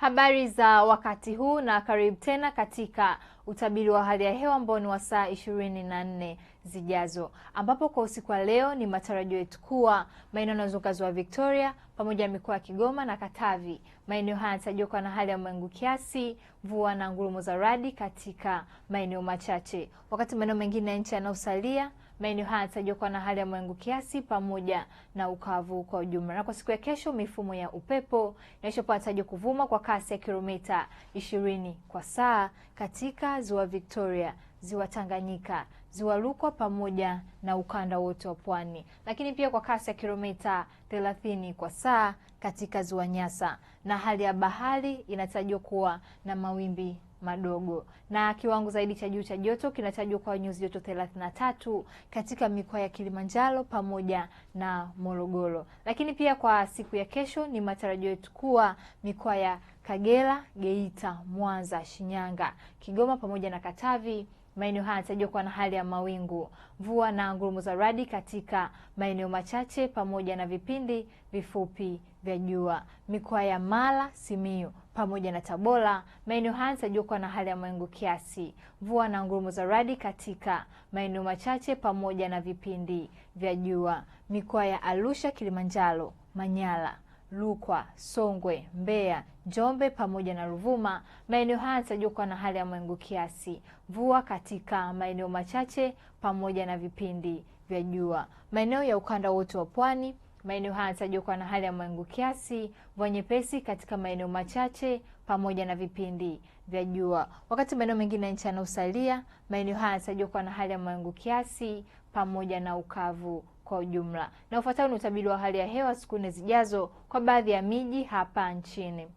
Habari za wakati huu na karibu tena katika utabiri wa hali ya hewa ambao ni wa saa ishirini na nne zijazo, ambapo kwa usiku wa leo ni matarajio yetu kuwa maeneo yanayozunguka ziwa Victoria pamoja na mikoa ya Kigoma na Katavi, maeneo haya yanatarajiwa kuwa na hali ya mawingu kiasi, mvua na ngurumo za radi katika maeneo machache, wakati maeneo mengine ya nchi yanayosalia Maeneo haya yanatarajiwa kuwa na hali ya mawingu kiasi pamoja na ukavu kwa ujumla. Na kwa siku ya kesho, mifumo ya upepo inatarajiwa kuvuma kwa kasi ya kilomita ishirini kwa saa katika ziwa Victoria, ziwa Tanganyika, ziwa Rukwa pamoja na ukanda wote wa pwani, lakini pia kwa kasi ya kilomita thelathini kwa saa katika ziwa Nyasa, na hali ya bahari inatarajiwa kuwa na mawimbi madogo na kiwango zaidi cha juu cha joto kinatajwa kwa nyuzi joto 33 katika mikoa ya Kilimanjaro pamoja na Morogoro. Lakini pia kwa siku ya kesho ni matarajio yetu kuwa mikoa ya Kagera, Geita, Mwanza, Shinyanga, Kigoma pamoja na Katavi Maeneo haya yanatarajiwa kuwa na hali ya mawingu, mvua na ngurumo za radi katika maeneo machache pamoja na vipindi vifupi vya jua. Mikoa ya Mara, Simiyu pamoja na Tabora, maeneo haya yanatarajiwa kuwa na hali ya mawingu kiasi, mvua na ngurumo za radi katika maeneo machache pamoja na vipindi vya jua. Mikoa ya Arusha, Kilimanjaro, Manyara Rukwa, Songwe, Mbeya, Njombe pamoja na Ruvuma. Maeneo haya yanatarajiwa kuwa na hali ya mawingu kiasi, mvua katika maeneo machache pamoja na vipindi vya jua. Maeneo ya ukanda wote wa pwani, maeneo haya yanatarajiwa kuwa na hali ya mawingu kiasi, mvua nyepesi katika maeneo machache pamoja na vipindi vya jua. Wakati maeneo mengine ya nchi yanaosalia, maeneo haya yanatarajiwa kuwa na hali ya mawingu kiasi pamoja na ukavu kwa ujumla. Na ufuatao ni utabiri wa hali ya hewa siku nne zijazo kwa baadhi ya miji hapa nchini.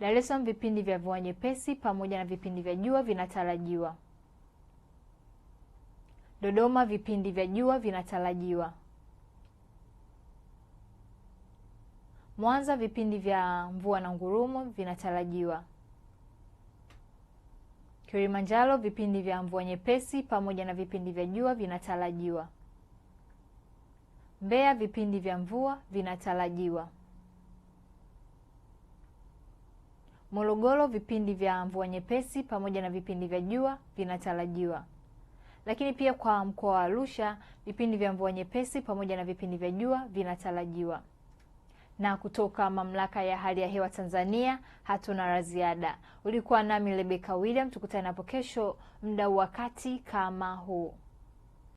Dar es Salaam, vipindi vya mvua nyepesi pamoja na vipindi vya jua vinatarajiwa. Dodoma, vipindi vya jua vinatarajiwa. Mwanza, vipindi vya mvua na ngurumo vinatarajiwa. Kilimanjaro vipindi vya mvua nyepesi pamoja na vipindi vya jua vinatarajiwa. Mbeya vipindi vya mvua vinatarajiwa. Morogoro vipindi vya mvua nyepesi pamoja na vipindi vya jua vinatarajiwa. Lakini pia kwa mkoa wa Arusha vipindi vya mvua nyepesi pamoja na vipindi vya jua vinatarajiwa na kutoka mamlaka ya hali ya hewa Tanzania hatuna la ziada. Ulikuwa nami rebeka William, tukutane hapo kesho muda wakati kama huu.